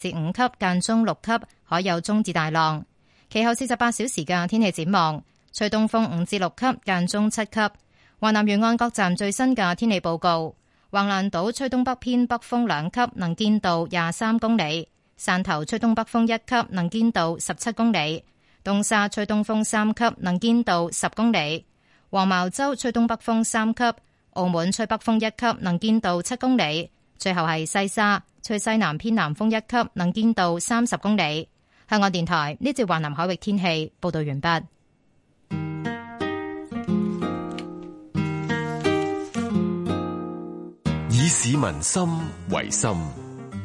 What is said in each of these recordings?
至五級，間中六級，可有中至大浪。其後四十八小時嘅天氣展望，吹東風五至六級，間中七級。華南沿岸各站最新嘅天氣報告：橫瀾島吹東北偏北風兩級，能見度廿三公里；汕頭吹東北風一級，能見度十七公里；東沙吹東風三級，能見度十公里；黃茅洲吹東北風三級；澳門吹北風一級，能見度七公里。最後係西沙，吹西南偏南風一級，能見度三十公里。香港電台呢次華南海域天氣報道完畢。以市民心為心，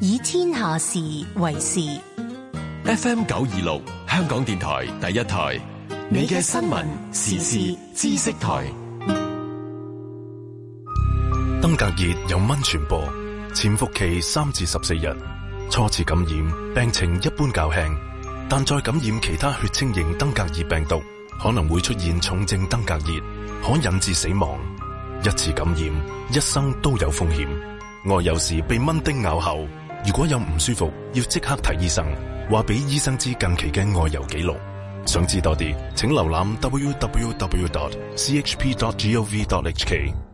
以天下事為事。F M 九二六，香港電台第一台，你嘅新聞時事知識台。登革熱有蚊傳播。潛伏期三至十四日，初次感染病情一般較輕，但再感染其他血清型登革熱病毒可能會出現重症登革熱，可引致死亡。一次感染一生都有風險。外遊時被蚊叮咬後，如果有唔舒服，要即刻睇醫生，話俾醫生知近期嘅外遊紀錄。想知多啲，請瀏覽 www.chp.gov.hk。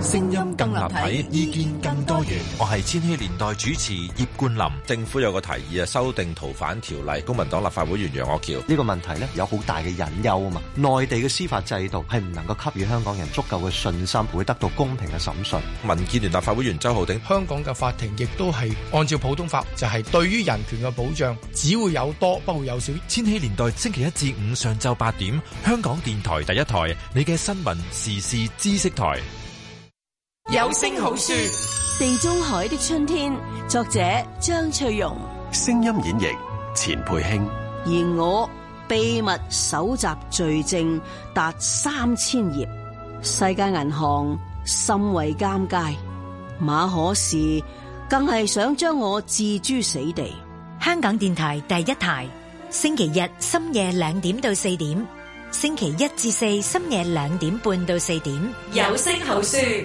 聲音更立體，意見更多元。我係千禧年代主持葉冠霖。政府有個提議啊，修訂逃犯條例。公民黨立法會議員楊岳橋，呢個問題呢，有好大嘅隱憂啊嘛，內地嘅司法制度係唔能夠給予香港人足夠嘅信心，會得到公平嘅審訊。民建聯立法會議員周浩鼎，香港嘅法庭亦都係按照普通法，就係對於人權嘅保障只會有多，不會有少。千禧年代星期一至五上晝八點，香港電台第一台，你嘅新聞時事知識台。有聲好書《地中海的春天》，作者張翠容，聲音演繹錢培興。而我秘密搜集罪證達三千頁，世界銀行甚為尷尬，馬可仕更是更係想將我置諸死地。香港電台第一台，星期日深夜兩點到四點，星期一至四深夜兩點半到四點。有聲好書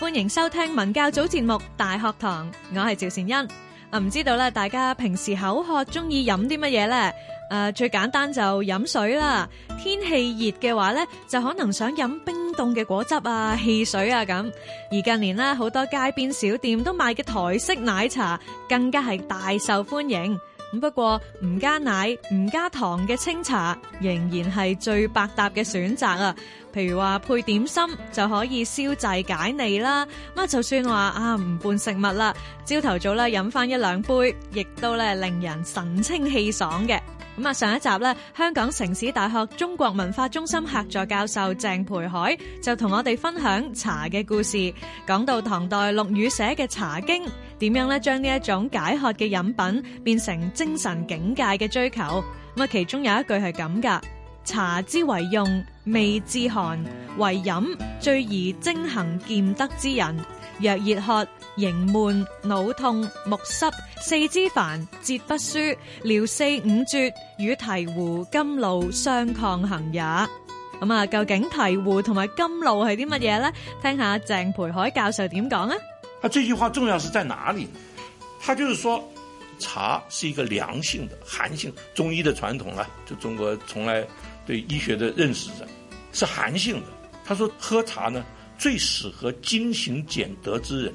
歡迎收聽文教組節目《大學堂》，我係趙善恩。啊，唔知道咧，大家平時口渴中意飲啲乜嘢呢？誒、啊，最簡單就飲水啦。天氣熱嘅話呢，就可能想飲冰凍嘅果汁啊、汽水啊咁。而近年咧，好多街邊小店都賣嘅台式奶茶，更加係大受歡迎。不過唔加奶、唔加糖嘅清茶仍然係最百搭嘅選擇啊！譬如話配點心就可以消滯解膩啦。咁就算話啊唔伴食物啦，朝頭早啦飲翻一兩杯，亦都咧令人神清氣爽嘅。咁啊，上一集咧，香港城市大學中國文化中心客座教授鄭培凱就同我哋分享茶嘅故事，講到唐代陸羽寫嘅《茶經》，點樣咧將呢一種解渴嘅飲品變成精神境界嘅追求。咁啊，其中有一句係咁噶：茶之為用，味至寒，為飲最宜精行儉德之人，若熱喝。盈悶、腦痛、目濕、四肢煩、節不舒，聊四五絕與提壺、甘露相抗衡也。咁啊，究竟提壺同埋甘露係啲乜嘢咧？聽下鄭培凱教授點講啊！他這句話重要是在哪裡？他就是說，茶是一個良性的、寒性。中醫的傳統啊，就中國從來對醫學的認識者是寒性的。他說，喝茶呢最適合精行儉德之人。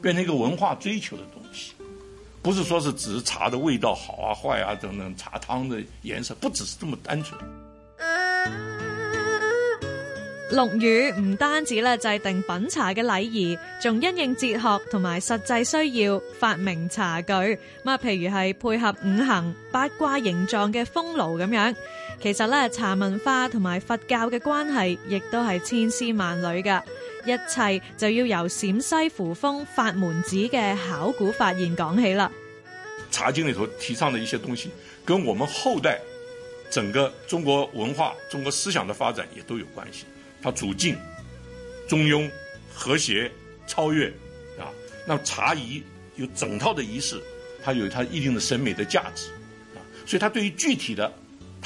變成一個文化追求的東西，不是說是指茶的味道好啊，壞啊等等，茶湯的顏色不只是這麼單純。陸羽唔單止咧制定品茶嘅禮儀，仲因應哲學同埋實際需要發明茶具，啊，譬如係配合五行八卦形狀嘅風爐咁樣。其實咧，茶文化同埋佛教嘅關係，亦都係千絲萬縷嘅。一切就要由陝西扶風法門寺嘅考古發現講起啦。茶經裏頭提倡的一些東西，跟我們後代整個中國文化、中國思想嘅發展也都有關係。它主敬、中庸、和諧、超越，啊，那茶儀有整套的儀式，它有它一定的審美的價值，啊，所以它對於具體的。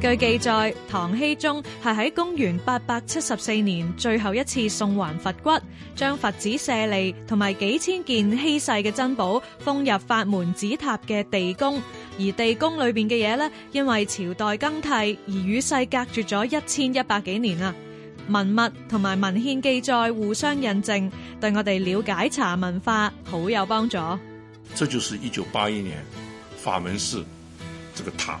據記載，唐僖宗係喺公元八百七十四年最後一次送還佛骨，將佛指舍利同埋幾千件稀世嘅珍寶封入法門寺塔嘅地宮，而地宮裏邊嘅嘢呢，因為朝代更替而與世隔絕咗一千一百幾年啊！文物同埋文獻記載互相印證，對我哋了解茶文化好有幫助。這就是一九八一年法門寺這個塔。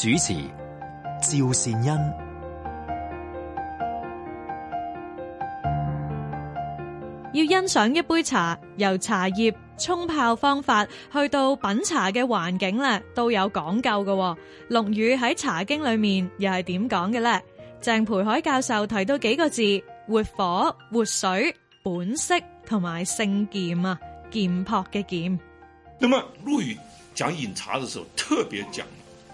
主持趙善恩，要欣賞一杯茶，由茶葉沖泡方法去到品茶嘅環境咧都有講究嘅。陸羽喺茶經裏面又係點講嘅咧？鄭培凱教授提到幾個字：活火、活水、本色同埋性儉啊，儉樸嘅儉。那麼陸羽講飲茶嘅時候特別講。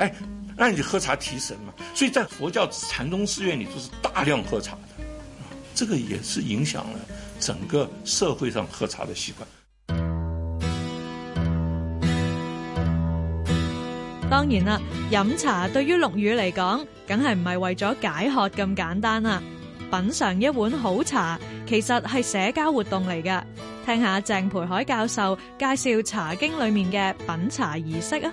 哎，那你喝茶提神嘛，所以在佛教禪宗寺院裏都是大量喝茶的，這個也是影響了整個社會上喝茶的習慣。當然啦，飲茶對於陸羽嚟講，梗係唔係為咗解渴咁簡單啊。品嘗一碗好茶，其實係社交活動嚟嘅。聽下鄭培凱教授介紹《茶經》裏面嘅品茶儀式啊。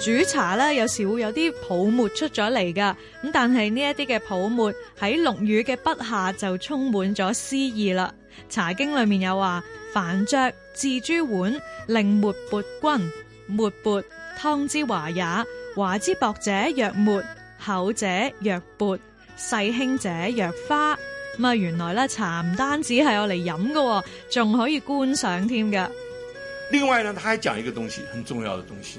煮茶咧，有時候會有啲泡沫出咗嚟噶，咁但係呢一啲嘅泡沫喺陸羽嘅筆下就充滿咗詩意啦。茶經裏面有話：凡着自諸碗，令沫撥君，沫撥湯之華也。華之薄者，若沫；厚者若撥；細輕者若花。咁啊，原來咧茶唔單止係我嚟飲噶，仲可以觀賞添嘅。另外呢，他還講一個東西，很重要的東西。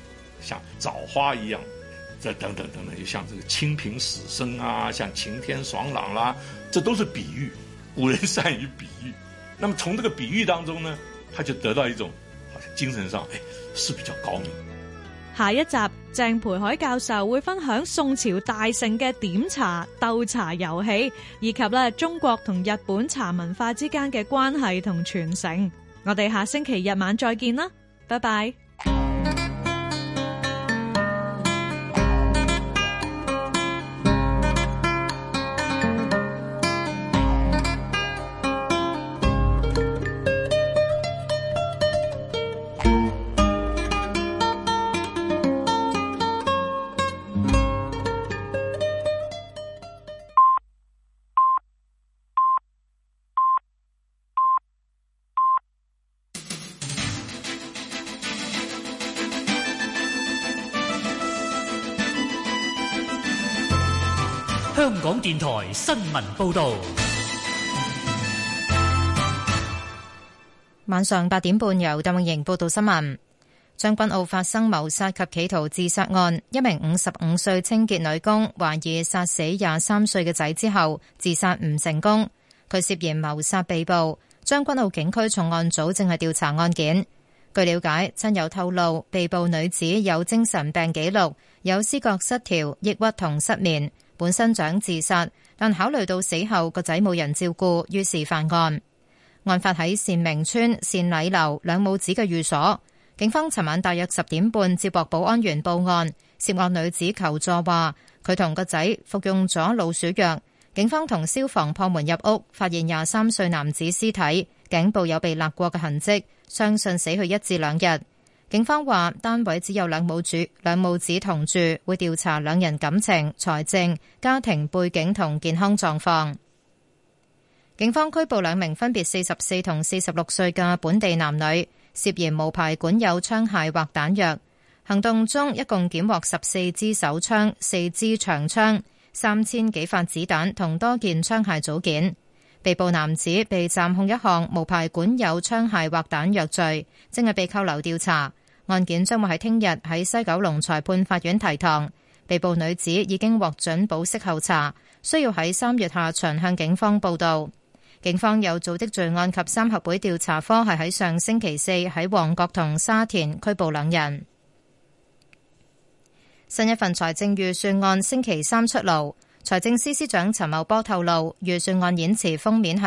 像棗花一樣，這等等等等，就像這個清平死生啊，像晴天爽朗啦、啊，這都是比喻。古人善於比喻，那麼從這個比喻當中呢，他就得到一種好像精神上哎是比較高明。下一集鄭培凱教授會分享宋朝大盛嘅點茶鬥茶遊戲，以及呢中國同日本茶文化之間嘅關係同傳承。我哋下星期日晚再見啦，拜拜。新聞報道。晚上八點半，由鄧穎盈報道新聞。將軍澳發生謀殺及企圖自殺案，一名五十五歲清潔女工懷疑殺死廿三歲嘅仔之後自殺唔成功，佢涉嫌謀殺被捕。將軍澳警區重案組正係調查案件。據了解，親友透露被捕女子有精神病記錄，有思覺失調、抑鬱同失眠，本身想自殺。但考慮到死後個仔冇人照顧，於是犯案。案發喺善明村善禮樓兩母子嘅寓所。警方尋晚大約十點半接獲保安員報案，涉案女子求助話：佢同個仔服用咗老鼠藥。警方同消防破門入屋，發現廿三歲男子屍體，頸部有被勒過嘅痕跡，相信死去一至兩日。警方話，單位只有兩母主，兩母子同住，會調查兩人感情、財政、家庭背景同健康狀況。警方拘捕兩名分別四十四同四十六歲嘅本地男女，涉嫌無牌管有槍械或彈藥。行動中一共檢獲十四支手槍、四支長槍、三千幾發子彈，同多件槍械組件。被捕男子被暫控一項無牌管有槍械或彈藥罪，正係被扣留調查。案件將會喺聽日喺西九龍裁判法院提堂，被捕女子已經獲准保釋候查，需要喺三月下旬向警方報到。警方有組織罪案及三合會調查科係喺上星期四喺旺角同沙田拘捕兩人。新一份財政預算案星期三出爐，財政司司長陳茂波透露，預算案演辭封面係。